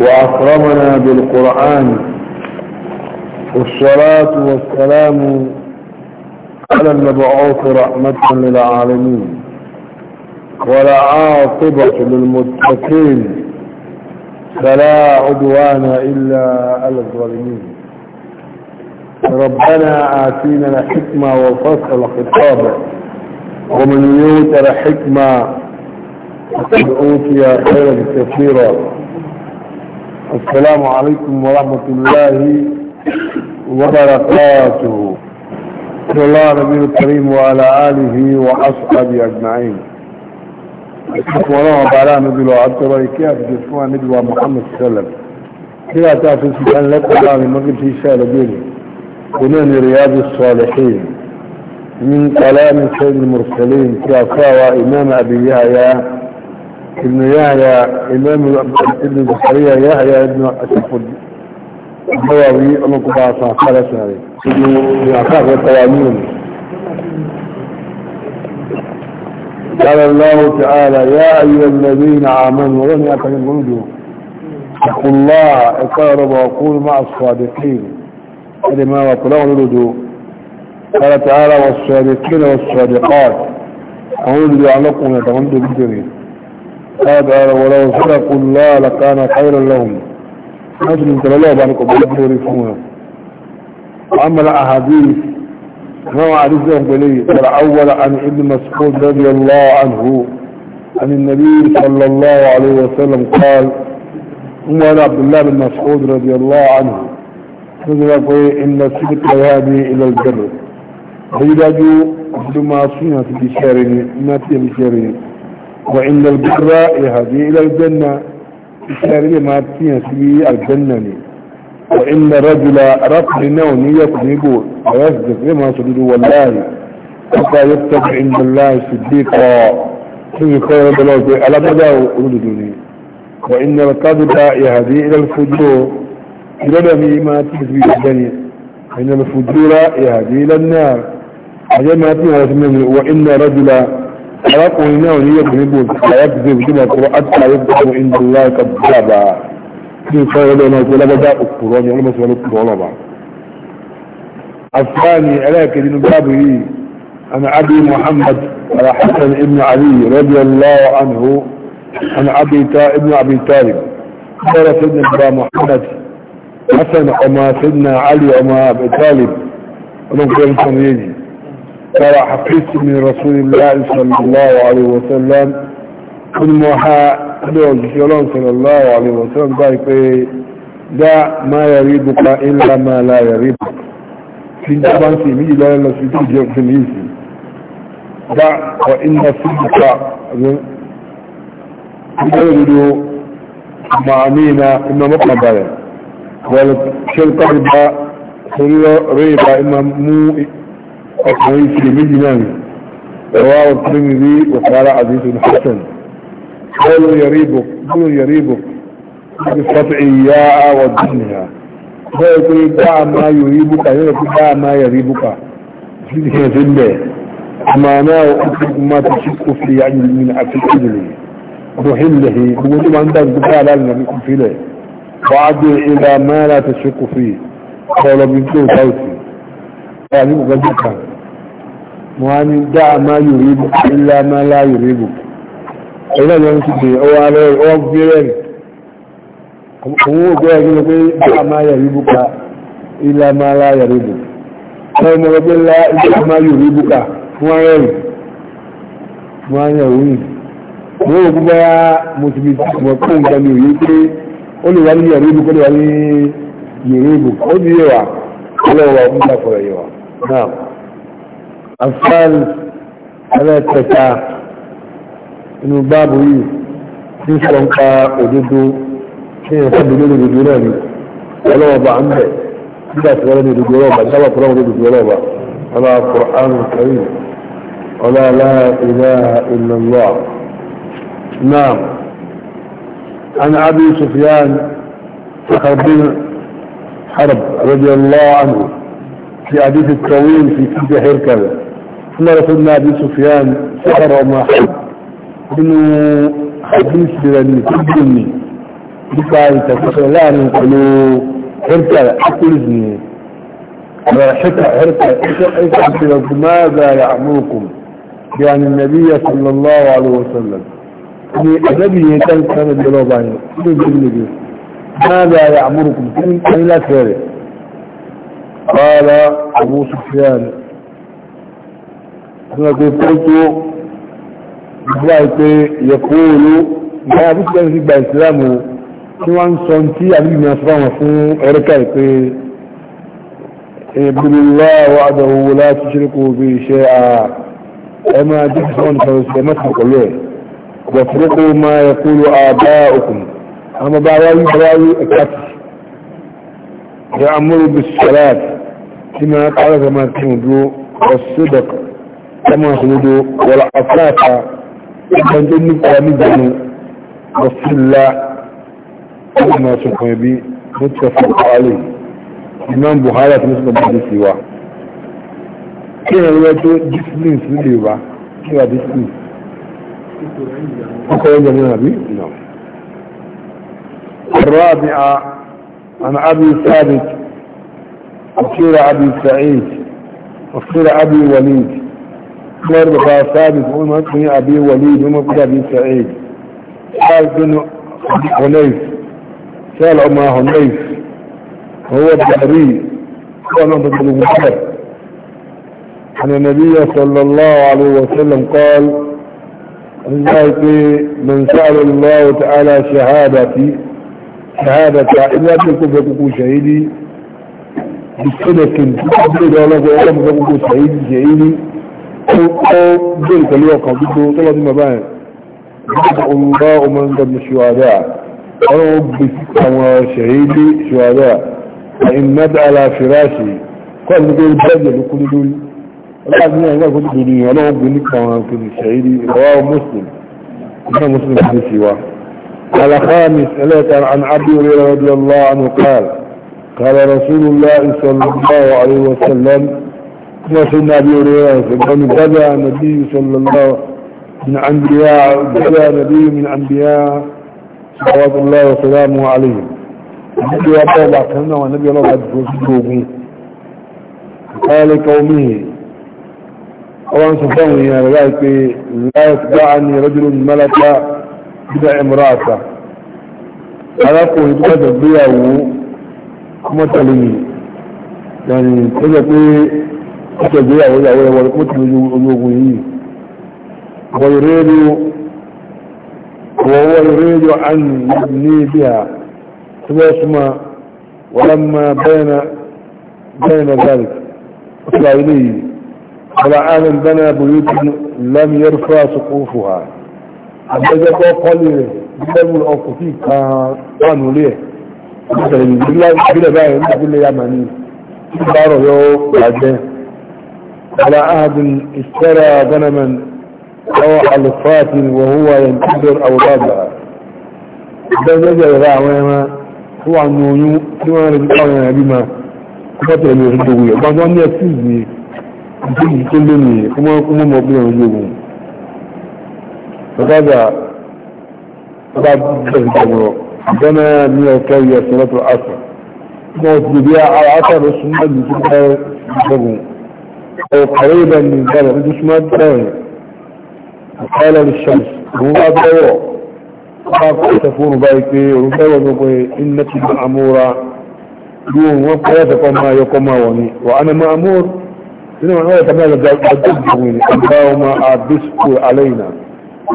وأكرمنا بالقرآن والصلاة والسلام على المبعوث رحمة للعالمين ولا عاقبة للمتقين فلا عدوان إلا على الظالمين ربنا آتينا الحكمة وفصل خطابه ومن يوت الحكمة وأوتي خيرا كثيرا السلام عليكم ورحمة الله وبركاته صلى الله نبي الكريم وعلى آله وأصحابه أجمعين ورحمة الله نبي الله عبد الله كيف جسمه نبي محمد صلى الله عليه وسلم كيف تعفل سبحان لك الله المغرب في شهر بيني ونان رياض الصالحين من كلام سيد المرسلين كافاوى إمام أبي يحيى ابن يحيى إمام ابن زكريا يحيى ابن أسفل الضواوي أنه قبعة قال سهري ابن عقاب والتوامين قال الله تعالى يا أيها الذين آمنوا ولم يأتي الغنجو اتقوا الله اقارب وقول مع الصادقين هذا ما وطلعوا للدو قال تعالى والصادقين والصادقات أقول لي أعلقوا يتغنجوا بالجريد هذا ولو صدقوا الله لكان خيرا لهم ناس من تلالوه بانكم بلدوا يفهمونه وأما الأحاديث ما عرفه بلي الأول عن ابن مسعود رضي الله عنه عن النبي صلى الله عليه وسلم قال هو عبد الله بن مسعود رضي الله عنه يقول إن السبت يهدي إلى البر فإذا جو عبد ما في بشارين ما في بشارين وإن البر يهدي إلى الجنة الشارع ما تنسي الجنة وإن رجل رفع نون يطلب ويصدق لما صدق والله حتى يتبع عند الله صديقا في خير بلوك على بدا ولدني وإن القذب يهدي إلى الفجور إلى ما تنسي الجنة وإن الفجور يهدي إلى النار وإن رجل arákùnrin náà ní yẹ̀kùn níbo àyàkùnrin ìbùdó máa kọ́ àtúnṣe àyẹ̀kùn ìdúnlá kàbíyàbá kí n fọ́ ẹlẹ́ náà gbọ́dọ̀ bá òkúrọ́ ni ọlọ́mọ sọ́nà òkúrọ́ lọ́ba. àfúráàní ẹlẹ́ẹ̀kejì ní báàbù yìí ana abi muhammad alhassan ibn ali rabi allah anhu ana abita ibn abi talib kọ́ra sidna bá muhammad hassan ọmọ sidna ali ọmọ abi talib ọlọ́mọ sọ́nà yéèjì ترى حقيقة من رسول الله صلى الله عليه وسلم كل موحى أدوه صلى الله عليه وسلم ذلك لا ما يريدك إلا ما لا يريدك في الجبان سيمي لا يلسيتي جرسميسي دع وإن نصيبك يريد معنينا إما مطلبا ولكن ربا سرير ريبا إما مو وحديث لمن إمامه رواه الترمذي وقال عزيز الحسن قول يريبك قول يريبك بالقطع ياء والدنيا قول دع ما يريبك يقول دع ما يريبك في ذنبه ناو أترك ما تشك في عجل من أكل له محله ومجب أن تذكر على النبي في له وعد إلى ما لا تشك فيه قول بنتو صوتي قال يبقى ذكر يعني wọ́n dá ma yòrìbù ilá ma lá yòrìbù ẹ̀rọ lọ sí pé ọwọ́ alẹ́ ọwọ́ gbẹ́rẹ̀ òun ò gbẹ́rẹ̀ gílẹ̀ pé dá ma yòrìbù ka ilá ma lá yòrìbù ọwọ́ mọ̀ lọ pé lá ilá ma yòrìbù ka fún ọ̀rẹ́ rẹ̀ wọ́n á yẹ òun òun ò gbẹ́ ya mo ti fi mọ̀ fún أفضل على التكاة إنه بابه إيه إن شلنقاء وجده إنه يحب جده بجنامي ولا وضع عنده إلا سوالني بجنوبة إن شاء الله قرامه دي بجنوبة ولا قرآن الكريم ولا لا إله إلا الله نعم عن أبي سفيان تخربين حرب رضي الله عنه في عديث التوين في كده هيركبه ثم رسولنا ابي سفيان سحر وما حد بن حديث بن تبني بقاية تفكر لا من قلو هرتا اقول اذني وحكا هرتا اشعر ماذا يعملكم يعني النبي صلى الله عليه وسلم اني يعني ادبي كان كان بلوباني ماذا يعمركم كان لا كاره قال ابو سفيان nígbàgbé kótó ìgbà ìpé yẹ̀kóòrò ìgbà àbúkẹ́ sí gba ìsìlámù tí wọ́n ń sọ tí àbíbi náà fáwọn fún ẹ̀ríkà ìpé ìbúrúlá wa àdàwò láti ṣíríkò bí iṣẹ́ a ẹ máa jẹ́ kí wọ́n sọ sí ẹmọ́ sí pẹ̀lú ẹ̀ ọ̀pọ̀ fúrúkú máa كما خلدوا ولا من رسول الله كما سبحانه بي متفق عليه إمام أقول جميعا بي نعم الرابعة عن أبي ثابت وصير أبي سعيد وصير أبي وليد عمر بن ثابت عمر بن ابي وليد عمر بن ابي سعيد قال بن حنيف سال عما حنيف هو الدهري كان بن المبارك عن النبي صلى الله عليه وسلم قال من سأل الله تعالى شهادتي شهادة إلا تكون فكوكو شهيدي بالسنة كنت تقول الله تعالى فكوكو شهيدي شهيدي جل كليوكا بده طلب المباين بدأ الله من ضمن الشهداء أنا بسكة وشهيدي شهداء فإن ندع على فراشي قال نقول بجل وكل دول لازم يعني نقول دنيا أنا بنكة وكل شهيدي رواه مسلم أنا مسلم حديثي واحد على خامس أليك عن عبد هريرة رضي الله عنه قال قال رسول الله صلى الله عليه وسلم ما سيدنا أبي هريرة فقال كذا نبي صلى الله من أنبياء كذا نبي من أنبياء صلوات الله وسلامه عليه النبي أبو بعثنا ونبي الله قد فسدوه قال لقومه أولا سبحانه يا رجالك لا يتبعني رجل ملك بدا امرأته علاقه هدوة بيعه كما تلمي يعني كذا ọjọ́ ìgbéyàwó ìyàwó ẹwọ ó ti lójú ológun yìí wọ́n rédíò wọ́n rédíò an ní bí a tí wọ́n súnmọ́ wọ́n ma bẹ́ẹ̀nà zalik ọ̀sọ̀rọ̀ ilé yìí wọ́n ánà bẹ́ẹ̀nà buyutin lam yarfa suqufuha àbẹ́jẹ́ kọ́ kọ́lì rẹ̀ gbẹ́mù ọkù sí kan wà nílé ẹ̀ ọ̀sọ̀rọ̀ ìgbìlẹ̀ báyìí ní ìgbìlẹ̀ yamani tí bá rọ̀ yóò gbàgbẹ́ على عهد اشترى غنما او حلفات وهو ينتظر اولادها ده نجا يرى وما هو عنونيو كما نبقى بما كما أن يكتزني يكتزني كلني كما كما مبين وجوبهم فهذا بعد ذلك عندنا من الكاوية صلاة العصر موت على العصر والسنة بسنة بسنة أو قريبا من جبل جسمه ما تدور قال للشمس هو ما تدور قال تفور بايكي ونبور نقول إنك مأمورة يوم وقيتكم ما يقوم وني وأنا مأمور هنا ما هو تمام الدجوني اللهم أبسك علينا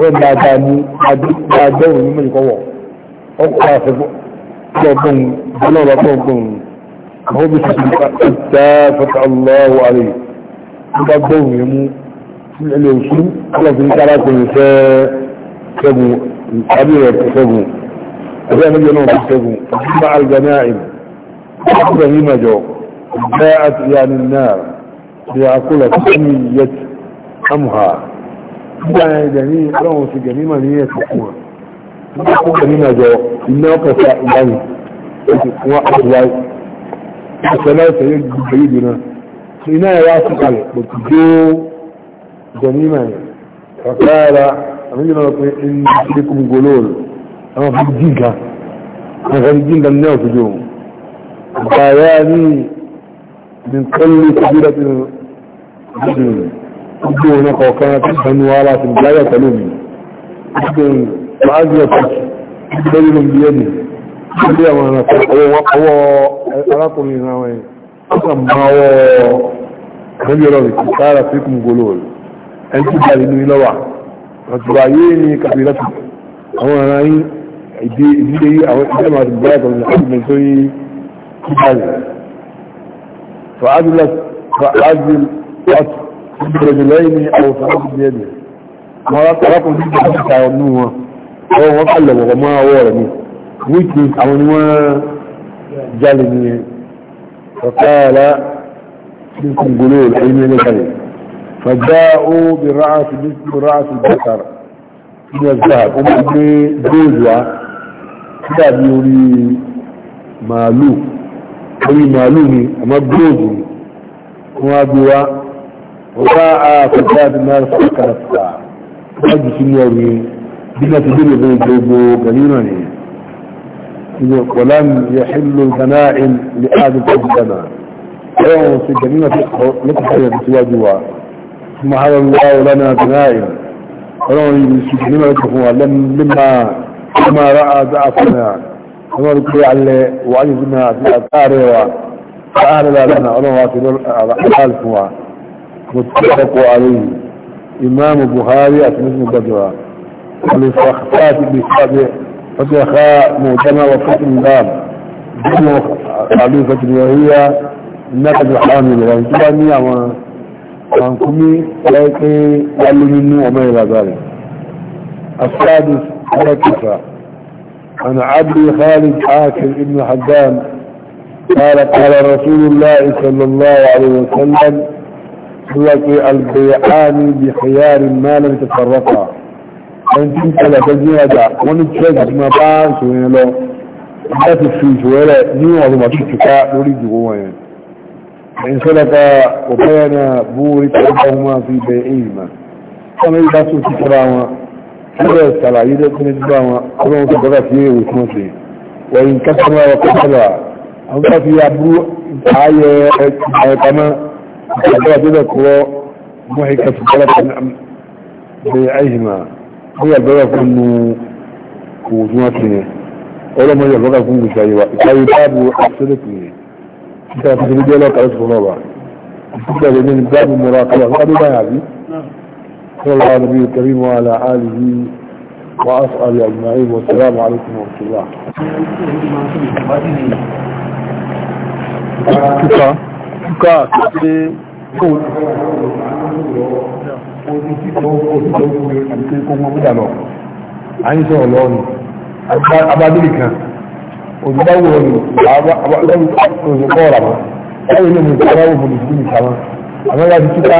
وين بعداني بعدوني من يقوم أقرأ في بلون بلون بلون هو بسم الله الله عليه ló bá gbóhùn yẹn mú ilé òṣù ọlọ́fin kára kò ní fẹ́ ṣẹ́gun tàbí rẹ̀ ṣẹ́gun ẹgbẹ́ ẹni náà fi ṣẹ́gun ọdún alìgbàní àìm ọdún yìí mẹ́jọ ọgbẹ́ àti ìyanu náà ti àkólà tó ní yẹ amúhà nígbà ìgbẹ̀ní ọlọ́run ti gẹ̀mí mà ní ẹ̀sìn fún wọn nígbà tó gẹ̀mí mẹ́jọ iná ọkọ̀ sa ìgbàní ẹ̀sìn fún wọn àti wáyé ìṣẹ̀lẹ̀ ìṣẹ̀lẹ̀ gbogbo yìí iná ẹ̀ wá sí kalẹ̀ kò ti dé gọ̀nímà yẹn kàkàrà àwọn ìjọba pé ń ṣe kún gòlóòlù àwọn fi jí ga àwọn fi jí ga ní ọ̀fíjì òun bàyá ní nìkanlé kọbílẹ̀ tí ó dìbò gbogbo ọ̀nà kọ̀ọ̀kan tí ìbánu wa láti gbáyà pẹ̀lú mi gbogbo máa ń yọ pàtàkì lórí lórí ẹni gbogbo àwọn ọ̀nà ọkàn máa wọ ànábì ọlọ́run kò sára sí kùn golo ẹni tí bá nínú ilọ́wà àtùbà yé ní kàbílátì àwọn ará yín ìdí ìdílé yí àwọn ìdílé máa ti báyà tọ̀nà láti mọ̀ tó yí kíkà rẹ̀ fàájúlá ìgbèrèjì lẹ́yìn ní àwòsàn láti di ẹ̀dẹ̀ àwọn arákùnrin ní ìgbà ìta ọdún wọn ọwọ́ wọn kà lọ̀wọ̀ mọ́ ọwọ́ rẹ̀ ni wíkì àwọn ni wọ́n jalè nìyẹn فقال منكم قلول أي من الغني فجاءوا مثل رعس البشر من الذهب ومن جوزها كتاب يولي مالو أي مالوني أما بجوزني وابوا وراء فجاد النار فكرت فاجي سنوري بنا تدري بين جوبو قليلا ولم يحل البنائم لآدم الجنة أيوة في الجنة لتحيى بسواجها ثم هذا الله لنا بنائم ولم في الجنة لتحوها لما لما رأى ضعفنا ثم ركوا على وعجزنا في فأهل لا لنا ولم واسل ألفها متفق عليه إمام بخاري أتمنى بدرا والإفراخات بسابق فتح خاء مؤتمة وفتح الباب جمع خليفة وهي نكد حامل وانتباني وانكمي لكي يعلم منه وما إلى ذلك السادس على كفا عن عبد خالد حاكم ابن حدام قال قال رسول الله صلى الله عليه وسلم لك البيعان بخيار ما لم تفرقا ẹni tí ń tẹ́lẹ̀ fẹ́ gbé ọjà wọ́n ní tírẹ́ẹ̀dì tí máa bá ìṣòro yẹn lọ láti fi ìṣòro rẹ̀ ní ọ̀rọ̀ màtí tìka lórí ìdìbò wọn yẹn ẹni sọ́dọ̀ ká ọ̀pẹ́yẹ náà bú orí tẹ́lẹ̀ wọn máa fi bẹ èyí mà sọ́nà ìgbà tó ti tẹ́ra wọn síbẹ̀ sàlàyé dẹ́kun ní bá wọn ọlọ́run tó gbọ́dọ̀ sí èrò tí wọ́n ṣe wọ́n yìí kásánà wọ́n kásánà àwọn tó fi aburú ààyè ẹ̀ẹ́dẹ́gbẹ̀mọ́ ìgbàgbọ́ àti ìdẹ́kùrọ́ mọ́ ìkàtúkọ́lá bóyá ìgbẹ́rẹ́ fún nu kò tí wọ́n ti yẹn ọlọ́mọ yẹn lọ́kà fún gbèsè àyè wa ìkáyé báàbù àṣẹlẹ̀kù yẹn títà àti ìdílé ọlọ́kà ló sọ̀rọ̀ wa títà lè ní báàbù mọ̀rọ̀ àkàlà wọ́n adé báyà bí wọ́n lọ́wọ́ níbi ìkẹ́rí mọ́ àlà àlìyí wa as'al ajma'in wa salamu alaykum wa rahmatullah. kíkà kíkà àti ojú tí tó ojú tó kú lórí àti kó wọn múdà lọ à ń sọ̀rọ̀ lọ́wọ́ ni abadúlì kan òjò bá wù ọ ni òjò kọ́ ọ̀rà mọ́ ẹ̀rọ ní mo sọ̀rọ̀ wò mo lè fún mi sàmọ́ àmọ́ wá ti túká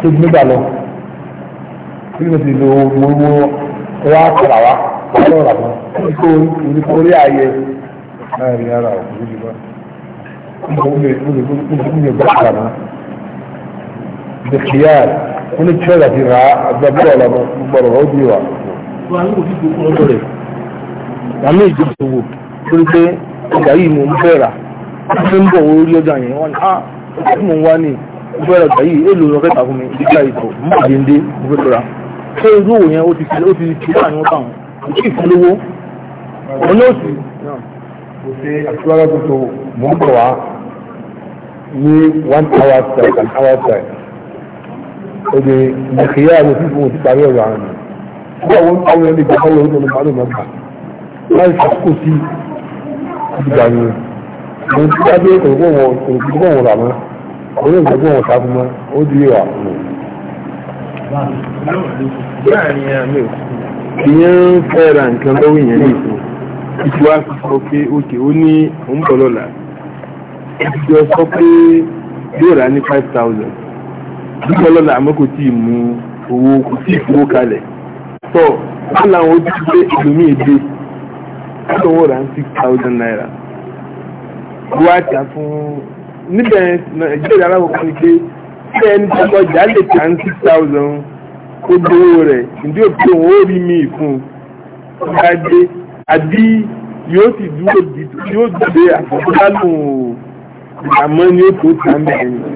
tó ti múdà lọ bí mo ti lo mo wo wá kọ̀rà wá wọ́n ní tí ọ̀dà ti ra agbábọ́ọ̀ lọ́nà gbọ́dọ̀ ó di wa. àmì ìjọsìnwò lórí pé ọjà yìí mò ń fẹ́ rà ṣé ń bọ̀ wọ́n rí ọjà yẹn wọ́n ní ah, á tí mò ń wá ní mo fẹ́ rà ọjà yìí èlò lọ fẹ́ fún mi ìdíjà ìtọ̀ mú àdéhùndé mo fẹ́ tora ṣé irú òwò yẹn ó ti fi ti fi láàrin wọn báwọn kò tí ì fún lówó wọn náà sì. mo ṣe àtúwárá tuntun mò ń bọ̀ wá ní one hour time and hour time òde ìyá àwọn fífún òtí parí ọ̀rọ̀ àwọn ọ̀nà bí àwọn àwọn ẹni gbọ́dọ̀ lọ́wọ́ tó ń parí ọ̀rọ̀ gbà láì fàkókò sí ìgbà yẹn òun ti dájú òkùnkùn wọn òkùnkùn wọn rà mọ́ òun ní òkùnkùn wọn sáfún mọ́ ó di ìwà ọ̀nà. ìyẹn ń fẹ́ ra nǹkan lọ́wọ́ ìyẹn ní ìfún ìtura sọ pé òkè ó ní òun bọ̀ lọ́la ìtura sọ pé yóò rà ní five thousand dúpẹ́ lọ́nà àmọ́ kò tí ì mú owó kò tí ì fowó kalẹ̀ tó wọ́n làwọn ojú pé ìlúmí èdè wọ́n wọ́n rà ń six thousand naira wọ́n á tà fún níbẹ̀ ìjọba aláwọ̀kọ́ ni pé ṣé ẹni tó kọjá lè tà ń six thousand kó gbowó rẹ̀ ǹdí òpin òun ó rí mi fún un bá dé àbí yóò sì dúró yóò dúró àfọ̀kọ́lá lòun ò àmọ́ ni ó tó tà ń bẹ̀rẹ̀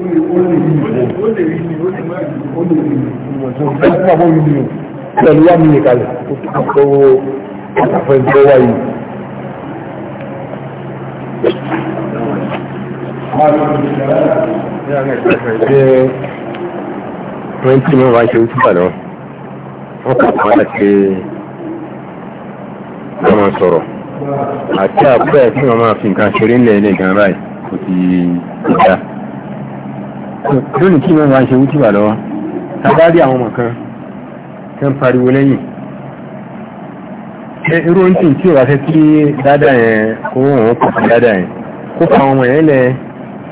pẹ̀lú wà mílì kalẹ̀ owó àfẹ́jọ́ wà yìí ṣe twenty mọ́ wá ṣe ń túbà náà wọ́n kà fún àti wọ́n máa sọ̀rọ̀ àti àpẹ́ tí wọ́n máa fi nǹkan ṣeré ńlẹ̀ ilé gan-an báyìí kò ti dá lónìí kí mẹ́wàá ṣe wútìbà lọ́wọ́ tàbárí àwọn ọmọ kan tẹ́ ń pariwo lẹ́yìn irú ń tì tí ò wá fẹ́ kí dáadáa yẹn kó wọn kò sí dáadáa yẹn kó fa àwọn ọmọ yẹn lẹ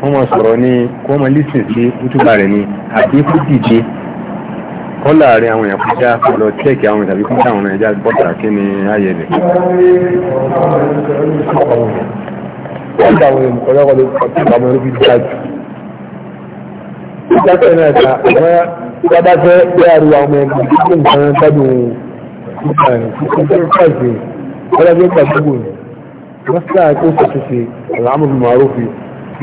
wọ́n mọ sọ̀rọ̀ ní kó wọ́n mọ lísìn sí wútìbà rẹ̀ ni àti kó dìde kọ́ láàrin àwọn èèyàn kọjá lọ tẹ́ẹ̀kì àwọn ìtàbí kún àwọn ọ̀nà ẹja bọ́tà kí ni ayé rẹ̀. wọ́n dà àwọn èèyàn kọjá kọjá kọjá kọjá kọjá ìgbàgbọ́ náà ta àwọn ìgbàgbọ́ fẹ́ bí àrùn àwọn ẹgbẹ́ tó ń kan gbádùn ìgbàgbọ́ ọlọ́gbẹ́ gbàgbọ́ ni wọ́n sì láàá tó sọ̀tún sí àlàámùrù màrúfì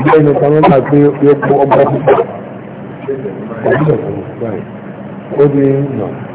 ilé ẹni kan náà pé yóò kó ọgbà púpọ̀ ó di náà